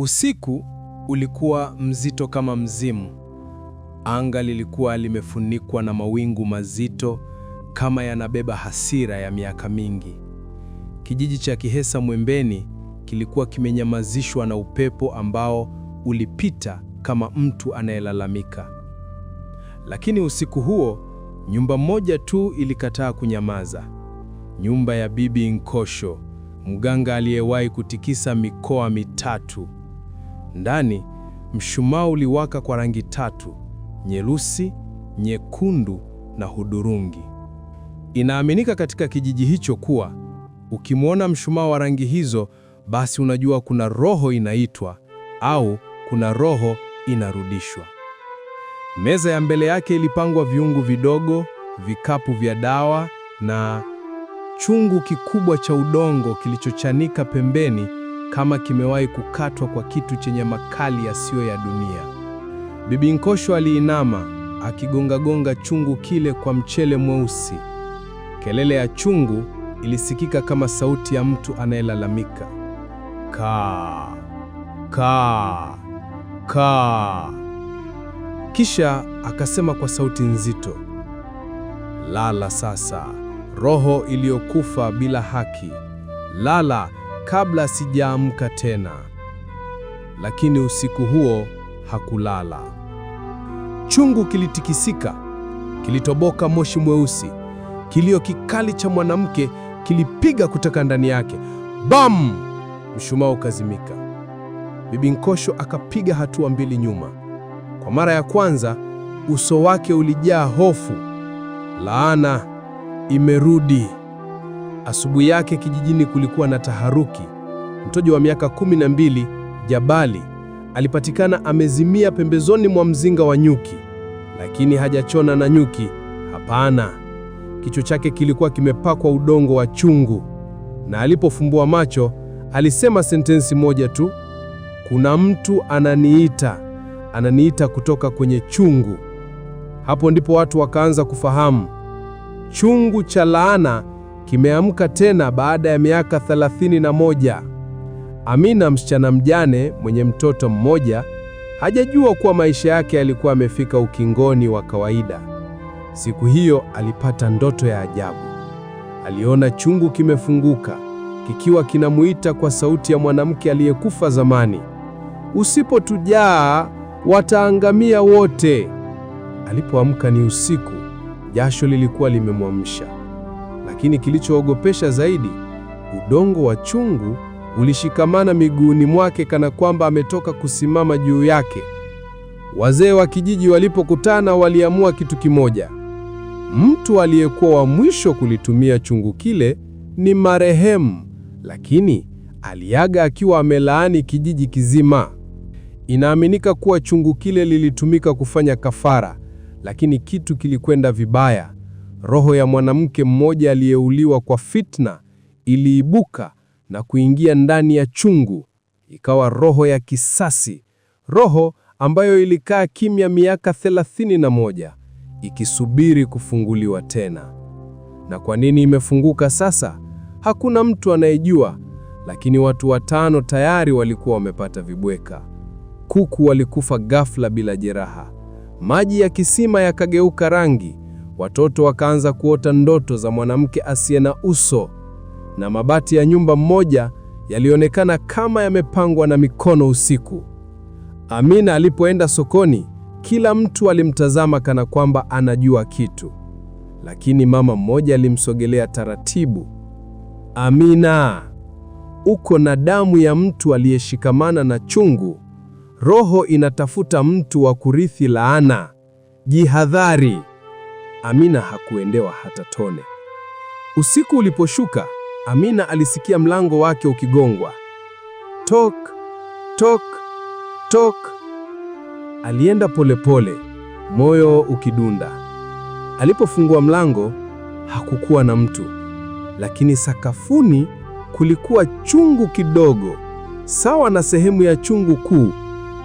Usiku ulikuwa mzito kama mzimu. Anga lilikuwa limefunikwa na mawingu mazito kama yanabeba hasira ya miaka mingi. Kijiji cha Kihesa Mwembeni kilikuwa kimenyamazishwa na upepo ambao ulipita kama mtu anayelalamika. Lakini usiku huo, nyumba moja tu ilikataa kunyamaza. Nyumba ya Bibi Nkosho, mganga aliyewahi kutikisa mikoa mitatu. Ndani mshumaa uliwaka kwa rangi tatu: nyeusi, nyekundu na hudurungi. Inaaminika katika kijiji hicho kuwa ukimwona mshumaa wa rangi hizo, basi unajua kuna roho inaitwa au kuna roho inarudishwa. Meza ya mbele yake ilipangwa viungu vidogo, vikapu vya dawa na chungu kikubwa cha udongo kilichochanika pembeni kama kimewahi kukatwa kwa kitu chenye makali yasiyo ya dunia. Bibi Nkosho aliinama akigongagonga chungu kile kwa mchele mweusi. Kelele ya chungu ilisikika kama sauti ya mtu anayelalamika, Ka, ka ka. Kisha akasema kwa sauti nzito, lala sasa, roho iliyokufa bila haki, lala kabla sijaamka tena. Lakini usiku huo hakulala. Chungu kilitikisika, kilitoboka moshi mweusi. Kilio kikali cha mwanamke kilipiga kutoka ndani yake. Bam! Mshumaa ukazimika. Bibi Nkosho akapiga hatua mbili nyuma. Kwa mara ya kwanza uso wake ulijaa hofu. Laana imerudi. Asubuhi yake kijijini kulikuwa na taharuki. Mtoto wa miaka kumi na mbili, Jabali, alipatikana amezimia pembezoni mwa mzinga wa nyuki, lakini hajachona na nyuki. Hapana, kichwa chake kilikuwa kimepakwa udongo wa chungu, na alipofumbua macho alisema sentensi moja tu, kuna mtu ananiita, ananiita kutoka kwenye chungu. Hapo ndipo watu wakaanza kufahamu chungu cha laana kimeamka tena baada ya miaka na moja Amina, msichana mjane mwenye mtoto mmoja, hajajua kuwa maisha yake yalikuwa amefika ukingoni wa kawaida. Siku hiyo alipata ndoto ya ajabu. Aliona chungu kimefunguka kikiwa kinamuita kwa sauti ya mwanamke aliyekufa zamani, usipotujaa wataangamia wote. Alipoamka ni usiku, jasho lilikuwa limemwamsha lakini kilichoogopesha zaidi, udongo wa chungu ulishikamana miguuni mwake kana kwamba ametoka kusimama juu yake. Wazee wa kijiji walipokutana waliamua kitu kimoja: mtu aliyekuwa wa mwisho kulitumia chungu kile ni marehemu, lakini aliaga akiwa amelaani kijiji kizima. Inaaminika kuwa chungu kile lilitumika kufanya kafara, lakini kitu kilikwenda vibaya roho ya mwanamke mmoja aliyeuliwa kwa fitna iliibuka na kuingia ndani ya chungu, ikawa roho ya kisasi, roho ambayo ilikaa kimya miaka thelathini na moja ikisubiri kufunguliwa tena. Na kwa nini imefunguka sasa? Hakuna mtu anayejua, lakini watu watano tayari walikuwa wamepata vibweka. Kuku walikufa ghafla bila jeraha, maji ya kisima yakageuka rangi watoto wakaanza kuota ndoto za mwanamke asiye na uso, na mabati ya nyumba mmoja yalionekana kama yamepangwa na mikono usiku. Amina alipoenda sokoni, kila mtu alimtazama kana kwamba anajua kitu, lakini mama mmoja alimsogelea taratibu. Amina, uko na damu ya mtu aliyeshikamana na chungu. Roho inatafuta mtu wa kurithi laana. Jihadhari. Amina hakuendewa hata tone. Usiku uliposhuka, Amina alisikia mlango wake ukigongwa. Tok, tok, tok. Alienda polepole pole, moyo ukidunda. Alipofungua mlango, hakukuwa na mtu. Lakini sakafuni kulikuwa chungu kidogo, sawa na sehemu ya chungu kuu,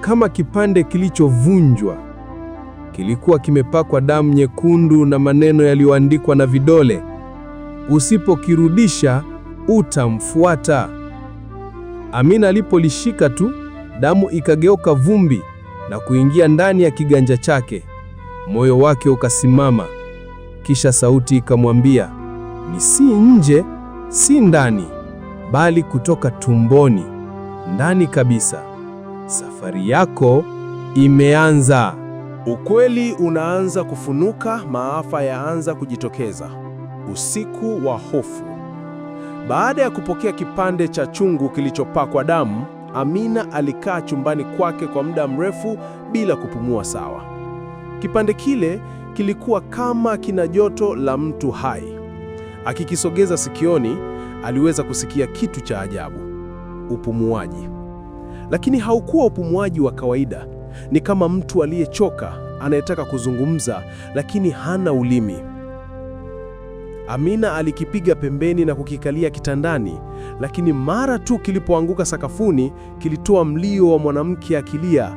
kama kipande kilichovunjwa kilikuwa kimepakwa damu nyekundu na maneno yaliyoandikwa na vidole: usipokirudisha utamfuata. Amina alipolishika tu, damu ikageuka vumbi na kuingia ndani ya kiganja chake. Moyo wake ukasimama, kisha sauti ikamwambia, ni si nje, si ndani, bali kutoka tumboni, ndani kabisa. Safari yako imeanza. Ukweli unaanza kufunuka, maafa yaanza kujitokeza. Usiku wa hofu. Baada ya kupokea kipande cha chungu kilichopakwa damu, Amina alikaa chumbani kwake kwa muda mrefu bila kupumua sawa. Kipande kile kilikuwa kama kina joto la mtu hai. Akikisogeza sikioni, aliweza kusikia kitu cha ajabu, upumuaji. Lakini haukuwa upumuaji wa kawaida. Ni kama mtu aliyechoka anayetaka kuzungumza lakini hana ulimi. Amina alikipiga pembeni na kukikalia kitandani, lakini mara tu kilipoanguka sakafuni kilitoa mlio wa mwanamke akilia,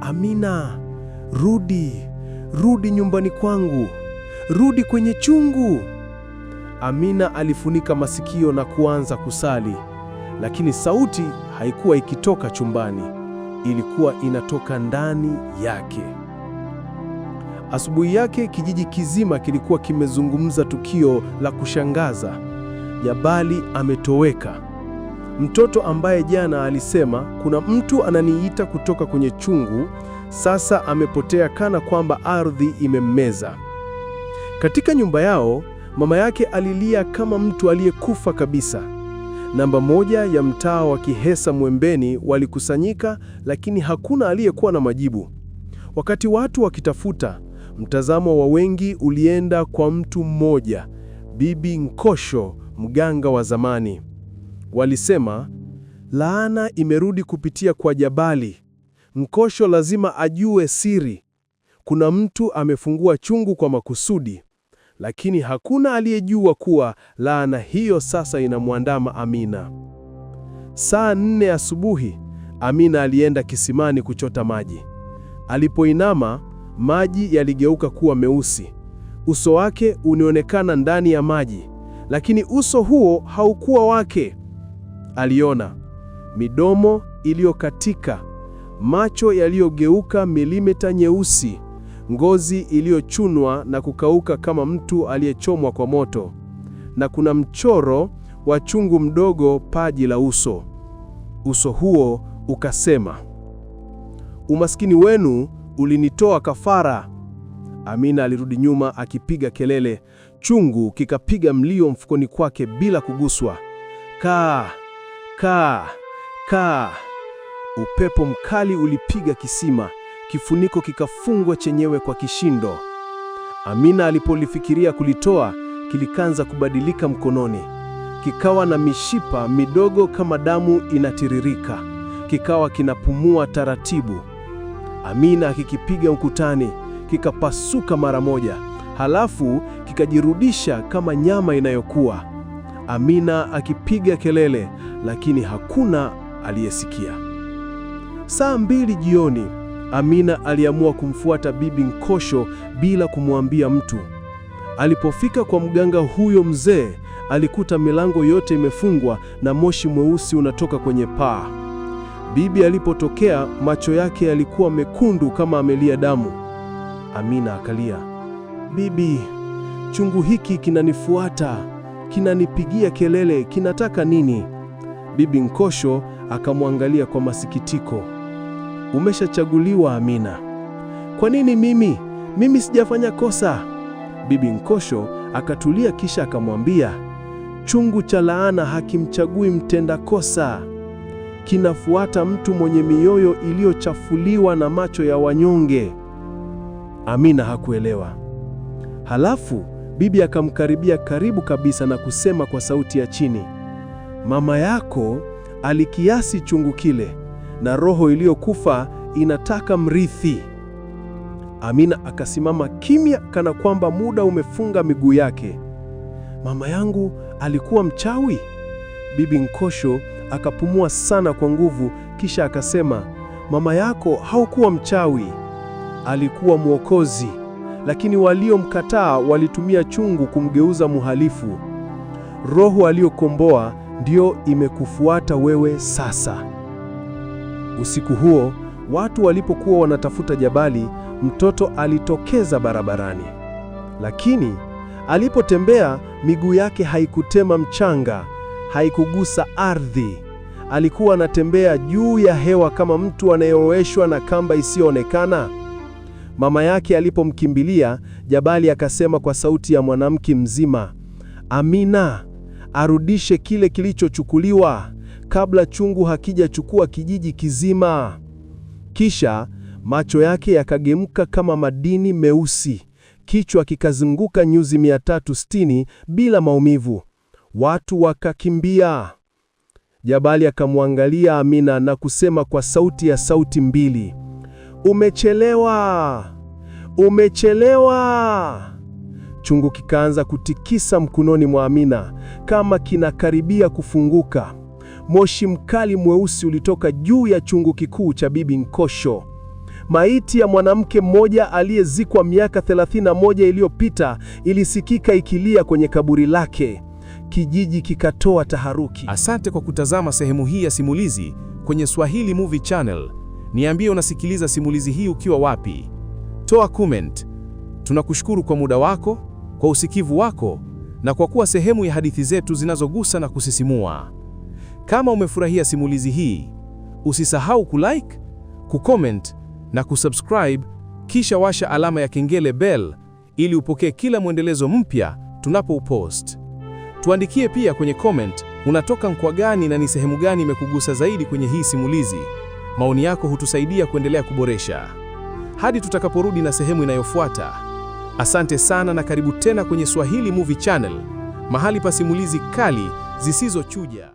Amina, rudi, rudi nyumbani kwangu, rudi kwenye chungu. Amina alifunika masikio na kuanza kusali, lakini sauti haikuwa ikitoka chumbani ilikuwa inatoka ndani yake. Asubuhi yake kijiji kizima kilikuwa kimezungumza tukio la kushangaza. Jabali ametoweka. Mtoto ambaye jana alisema kuna mtu ananiita kutoka kwenye chungu, sasa amepotea kana kwamba ardhi imemmeza. Katika nyumba yao, mama yake alilia kama mtu aliyekufa kabisa namba moja ya mtaa wa Kihesa Mwembeni walikusanyika, lakini hakuna aliyekuwa na majibu. Wakati watu wakitafuta, mtazamo wa wengi ulienda kwa mtu mmoja, Bibi Nkosho, mganga wa zamani. Walisema laana imerudi kupitia kwa Jabali. Nkosho lazima ajue siri. Kuna mtu amefungua chungu kwa makusudi lakini hakuna aliyejua kuwa laana hiyo sasa inamwandama Amina. Saa nne asubuhi Amina alienda kisimani kuchota maji. Alipoinama, maji yaligeuka kuwa meusi. Uso wake unionekana ndani ya maji, lakini uso huo haukuwa wake. Aliona midomo iliyokatika, macho yaliyogeuka milimita nyeusi, ngozi iliyochunwa na kukauka kama mtu aliyechomwa kwa moto, na kuna mchoro wa chungu mdogo paji la uso. Uso huo ukasema, umaskini wenu ulinitoa kafara. Amina alirudi nyuma akipiga kelele. Chungu kikapiga mlio mfukoni kwake bila kuguswa. Kaa, kaa, kaa! Upepo mkali ulipiga kisima kifuniko kikafungwa chenyewe kwa kishindo. Amina alipolifikiria kulitoa, kilikanza kubadilika mkononi, kikawa na mishipa midogo kama damu inatiririka, kikawa kinapumua taratibu. Amina akikipiga ukutani, kikapasuka mara moja, halafu kikajirudisha kama nyama inayokuwa. Amina akipiga kelele, lakini hakuna aliyesikia. Saa mbili jioni Amina aliamua kumfuata Bibi Nkosho bila kumwambia mtu. Alipofika kwa mganga huyo mzee, alikuta milango yote imefungwa na moshi mweusi unatoka kwenye paa. Bibi alipotokea, macho yake yalikuwa mekundu kama amelia damu. Amina akalia, "Bibi, chungu hiki kinanifuata, kinanipigia kelele, kinataka nini?" Bibi Nkosho akamwangalia kwa masikitiko umeshachaguliwa Amina. Kwa nini mimi? Mimi sijafanya kosa. Bibi Nkosho akatulia kisha akamwambia, chungu cha laana hakimchagui mtenda kosa. Kinafuata mtu mwenye mioyo iliyochafuliwa na macho ya wanyonge. Amina hakuelewa. Halafu bibi akamkaribia karibu kabisa na kusema kwa sauti ya chini, mama yako alikiasi chungu kile na roho iliyokufa inataka mrithi. Amina akasimama kimya, kana kwamba muda umefunga miguu yake. Mama yangu alikuwa mchawi? Bibi Nkosho akapumua sana kwa nguvu, kisha akasema, mama yako haukuwa mchawi, alikuwa mwokozi, lakini waliomkataa walitumia chungu kumgeuza muhalifu Roho aliyokomboa ndio imekufuata wewe sasa. Usiku huo watu walipokuwa wanatafuta jabali, mtoto alitokeza barabarani, lakini alipotembea miguu yake haikutema mchanga, haikugusa ardhi. Alikuwa anatembea juu ya hewa kama mtu anayeoeshwa na kamba isiyoonekana. Mama yake alipomkimbilia, jabali akasema kwa sauti ya mwanamke mzima, Amina, arudishe kile kilichochukuliwa kabla chungu hakijachukua kijiji kizima. Kisha macho yake yakagemka kama madini meusi, kichwa kikazunguka nyuzi 360 bila maumivu. Watu wakakimbia. Jabali akamwangalia Amina na kusema kwa sauti ya sauti mbili, umechelewa, umechelewa. Chungu kikaanza kutikisa mkononi mwa Amina kama kinakaribia kufunguka. Moshi mkali mweusi ulitoka juu ya chungu kikuu cha Bibi Nkosho. Maiti ya mwanamke mmoja aliyezikwa miaka 31 iliyopita ilisikika ikilia kwenye kaburi lake. Kijiji kikatoa taharuki. Asante kwa kutazama sehemu hii ya simulizi kwenye Swahili Movie Channel. Niambie unasikiliza simulizi hii ukiwa wapi? Toa comment. Tunakushukuru kwa muda wako, kwa usikivu wako na kwa kuwa sehemu ya hadithi zetu zinazogusa na kusisimua. Kama umefurahia simulizi hii, usisahau kulike, kucomment na kusubscribe, kisha washa alama ya kengele bell ili upokee kila mwendelezo mpya tunapoupost. Tuandikie pia kwenye comment unatoka mkoa gani na ni sehemu gani imekugusa zaidi kwenye hii simulizi. Maoni yako hutusaidia kuendelea kuboresha. Hadi tutakaporudi na sehemu inayofuata. Asante sana na karibu tena kwenye Swahili Movie Channel, mahali pa simulizi kali zisizochuja.